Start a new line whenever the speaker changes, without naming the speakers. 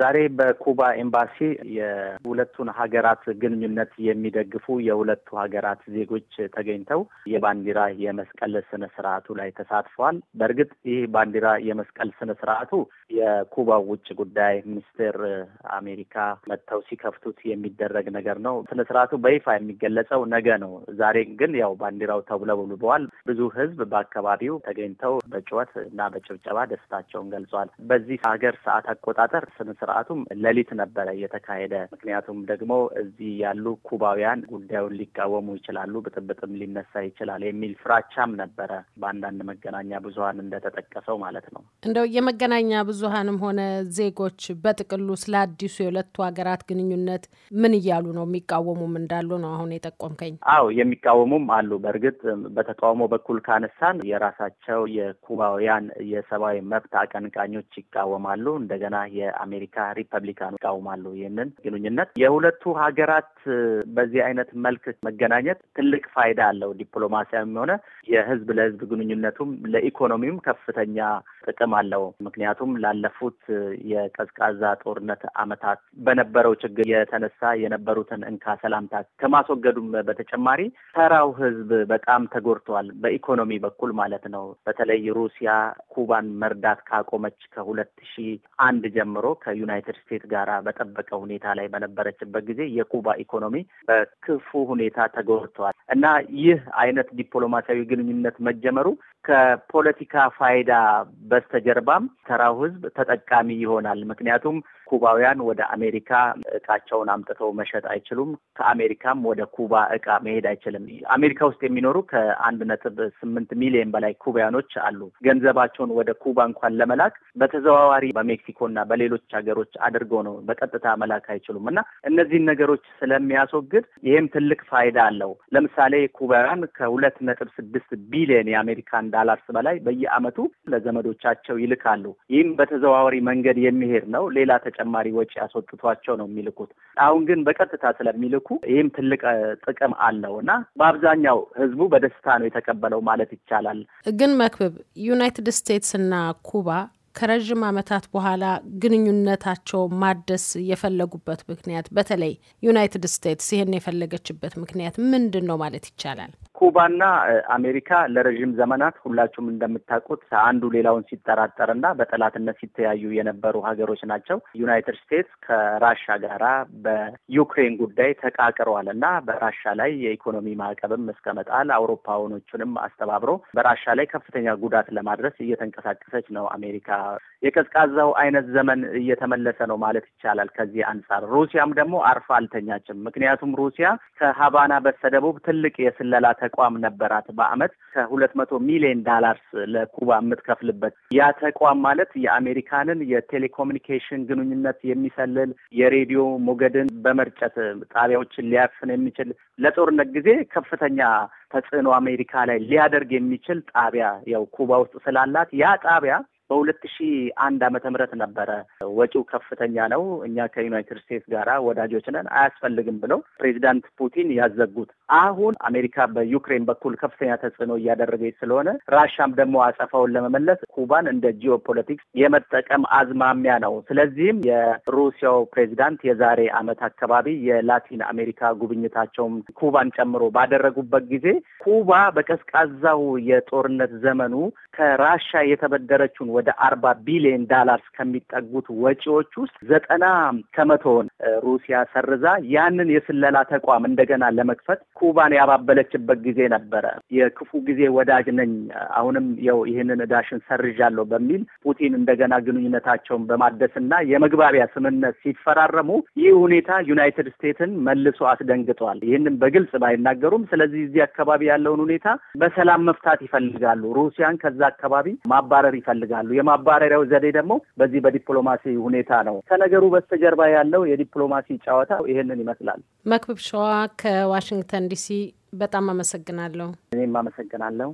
ዛሬ በኩባ ኤምባሲ የሁለቱን ሀገራት ግንኙነት የሚደግፉ የሁለቱ ሀገራት ዜጎች ተገኝተው የባንዲራ የመስቀል ስነ ስርዓቱ ላይ ተሳትፈዋል። በእርግጥ ይህ ባንዲራ የመስቀል ስነ ስርዓቱ የኩባ ውጭ ጉዳይ ሚኒስቴር አሜሪካ መጥተው ሲከፍቱት የሚደረግ ነገር ነው። ስነ ስርዓቱ በይፋ የሚገለጸው ነገ ነው። ዛሬ ግን ያው ባንዲራው ተውለብልበዋል። ብዙ ህዝብ በአካባቢው ተገኝተው በጩኸት እና በጭብጨባ ደስታቸውን ገልጿል። በዚህ ሀገር ሰዓት አቆጣጠር ስነ ስርዓቱም ሌሊት ነበረ እየተካሄደ። ምክንያቱም ደግሞ እዚህ ያሉ ኩባውያን ጉዳዩን ሊቃወሙ ይችላሉ፣ ብጥብጥም ሊነሳ ይችላል የሚል ፍራቻም ነበረ በአንዳንድ መገናኛ ብዙኃን እንደተጠቀሰው ማለት ነው።
እንደው የመገናኛ ብዙኃንም ሆነ ዜጎች በጥቅሉ ስለ አዲሱ የሁለቱ ሀገራት ግንኙነት ምን እያሉ ነው? የሚቃወሙም እንዳሉ ነው አሁን የጠቆምከኝ?
አዎ የሚቃወሙም አሉ። በእርግጥ በተቃውሞ በኩል ካነሳን የራሳቸው የኩባውያን የሰብአዊ መብት አቀንቃኞች ይቃወማሉ። እንደገና የአሜሪካ የአሜሪካ ከሪፐብሊካኑ ይቃውማሉ ይህንን ግንኙነት። የሁለቱ ሀገራት በዚህ አይነት መልክ መገናኘት ትልቅ ፋይዳ አለው። ዲፕሎማሲያዊም የሆነ የህዝብ ለህዝብ ግንኙነቱም ለኢኮኖሚውም ከፍተኛ ጥቅም አለው። ምክንያቱም ላለፉት የቀዝቃዛ ጦርነት አመታት በነበረው ችግር የተነሳ የነበሩትን እንካ ሰላምታ ከማስወገዱም በተጨማሪ ተራው ህዝብ በጣም ተጎድተዋል። በኢኮኖሚ በኩል ማለት ነው። በተለይ ሩሲያ ኩባን መርዳት ካቆመች ከሁለት ሺህ አንድ ጀምሮ ከዩ ከዩናይትድ ስቴትስ ጋር በጠበቀ ሁኔታ ላይ በነበረችበት ጊዜ የኩባ ኢኮኖሚ በክፉ ሁኔታ ተጎድተዋል እና ይህ አይነት ዲፕሎማሲያዊ ግንኙነት መጀመሩ ከፖለቲካ ፋይዳ በስተጀርባም ተራው ህዝብ ተጠቃሚ ይሆናል። ምክንያቱም ኩባውያን ወደ አሜሪካ እቃቸውን አምጥተው መሸጥ አይችሉም። ከአሜሪካም ወደ ኩባ እቃ መሄድ አይችልም። አሜሪካ ውስጥ የሚኖሩ ከአንድ ነጥብ ስምንት ሚሊዮን በላይ ኩባውያኖች አሉ። ገንዘባቸውን ወደ ኩባ እንኳን ለመላክ በተዘዋዋሪ በሜክሲኮና በሌሎች ሀገሮች አድርገው ነው በቀጥታ መላክ አይችሉም እና እነዚህን ነገሮች ስለሚያስወግድ ይህም ትልቅ ፋይዳ አለው። ለምሳሌ ኩባውያን ከሁለት ነጥብ ስድስት ቢሊዮን የአሜሪካን ዳላርስ በላይ በየአመቱ ለዘመዶቻቸው ይልካሉ። ይህም በተዘዋዋሪ መንገድ የሚሄድ ነው። ሌላ ተጨማሪ ወጪ ያስወጥቷቸው ነው የሚልኩት። አሁን ግን በቀጥታ ስለሚልኩ ይህም ትልቅ ጥቅም አለው እና በአብዛኛው ህዝቡ በደስታ ነው የተቀበለው ማለት ይቻላል።
ግን መክብብ ዩናይትድ ስቴትስ እና ኩባ ከረዥም ዓመታት በኋላ ግንኙነታቸው ማደስ የፈለጉበት ምክንያት በተለይ ዩናይትድ ስቴትስ ይህን የፈለገችበት ምክንያት ምንድን ነው ማለት ይቻላል?
ኩባና አሜሪካ ለረዥም ዘመናት ሁላችሁም እንደምታውቁት አንዱ ሌላውን ሲጠራጠርና በጠላትነት ሲተያዩ የነበሩ ሀገሮች ናቸው። ዩናይትድ ስቴትስ ከራሻ ጋራ በዩክሬን ጉዳይ ተቃቅረዋል እና በራሻ ላይ የኢኮኖሚ ማዕቀብም እስከመጣል አውሮፓውኖቹንም አስተባብሮ በራሻ ላይ ከፍተኛ ጉዳት ለማድረስ እየተንቀሳቀሰች ነው አሜሪካ። የቀዝቃዛው አይነት ዘመን እየተመለሰ ነው ማለት ይቻላል። ከዚህ አንጻር ሩሲያም ደግሞ አርፋ አልተኛችም። ምክንያቱም ሩሲያ ከሀቫና በስተደቡብ ትልቅ የስለላ ተቋም ነበራት። በአመት ከሁለት መቶ ሚሊዮን ዳላርስ ለኩባ የምትከፍልበት ያ ተቋም ማለት የአሜሪካንን የቴሌኮሙኒኬሽን ግንኙነት የሚሰልል የሬዲዮ ሞገድን በመርጨት ጣቢያዎችን ሊያፍን የሚችል ለጦርነት ጊዜ ከፍተኛ ተጽዕኖ አሜሪካ ላይ ሊያደርግ የሚችል ጣቢያ ያው ኩባ ውስጥ ስላላት ያ ጣቢያ በሁለት ሺ አንድ ዓመተ ምህረት ነበረ። ወጪው ከፍተኛ ነው፣ እኛ ከዩናይትድ ስቴትስ ጋር ወዳጆች ነን፣ አያስፈልግም ብለው ፕሬዚዳንት ፑቲን ያዘጉት። አሁን አሜሪካ በዩክሬን በኩል ከፍተኛ ተጽዕኖ እያደረገች ስለሆነ ራሻም ደግሞ አጸፋውን ለመመለስ ኩባን እንደ ጂኦፖለቲክስ የመጠቀም አዝማሚያ ነው። ስለዚህም የሩሲያው ፕሬዚዳንት የዛሬ ዓመት አካባቢ የላቲን አሜሪካ ጉብኝታቸውም ኩባን ጨምሮ ባደረጉበት ጊዜ ኩባ በቀዝቃዛው የጦርነት ዘመኑ ከራሻ የተበደረችውን ወደ አርባ ቢሊዮን ዳላርስ ከሚጠጉት ወጪዎች ውስጥ ዘጠና ከመቶውን ሩሲያ ሰርዛ ያንን የስለላ ተቋም እንደገና ለመክፈት ኩባን ያባበለችበት ጊዜ ነበረ። የክፉ ጊዜ ወዳጅ ነኝ፣ አሁንም ያው ይህንን እዳሽን ሰርዣለሁ በሚል ፑቲን እንደገና ግንኙነታቸውን በማደስና የመግባቢያ ስምምነት ሲፈራረሙ ይህ ሁኔታ ዩናይትድ ስቴትስን መልሶ አስደንግጧል። ይህንን በግልጽ ባይናገሩም፣ ስለዚህ እዚህ አካባቢ ያለውን ሁኔታ በሰላም መፍታት ይፈልጋሉ። ሩሲያን ከዛ አካባቢ ማባረር ይፈልጋሉ። ይችላሉ። የማባረሪያው ዘዴ ደግሞ በዚህ በዲፕሎማሲ ሁኔታ ነው። ከነገሩ በስተጀርባ ያለው የዲፕሎማሲ ጨዋታ ይሄንን ይመስላል።
መክብብ ሸዋ ከዋሽንግተን ዲሲ በጣም አመሰግናለሁ። እኔም አመሰግናለሁ።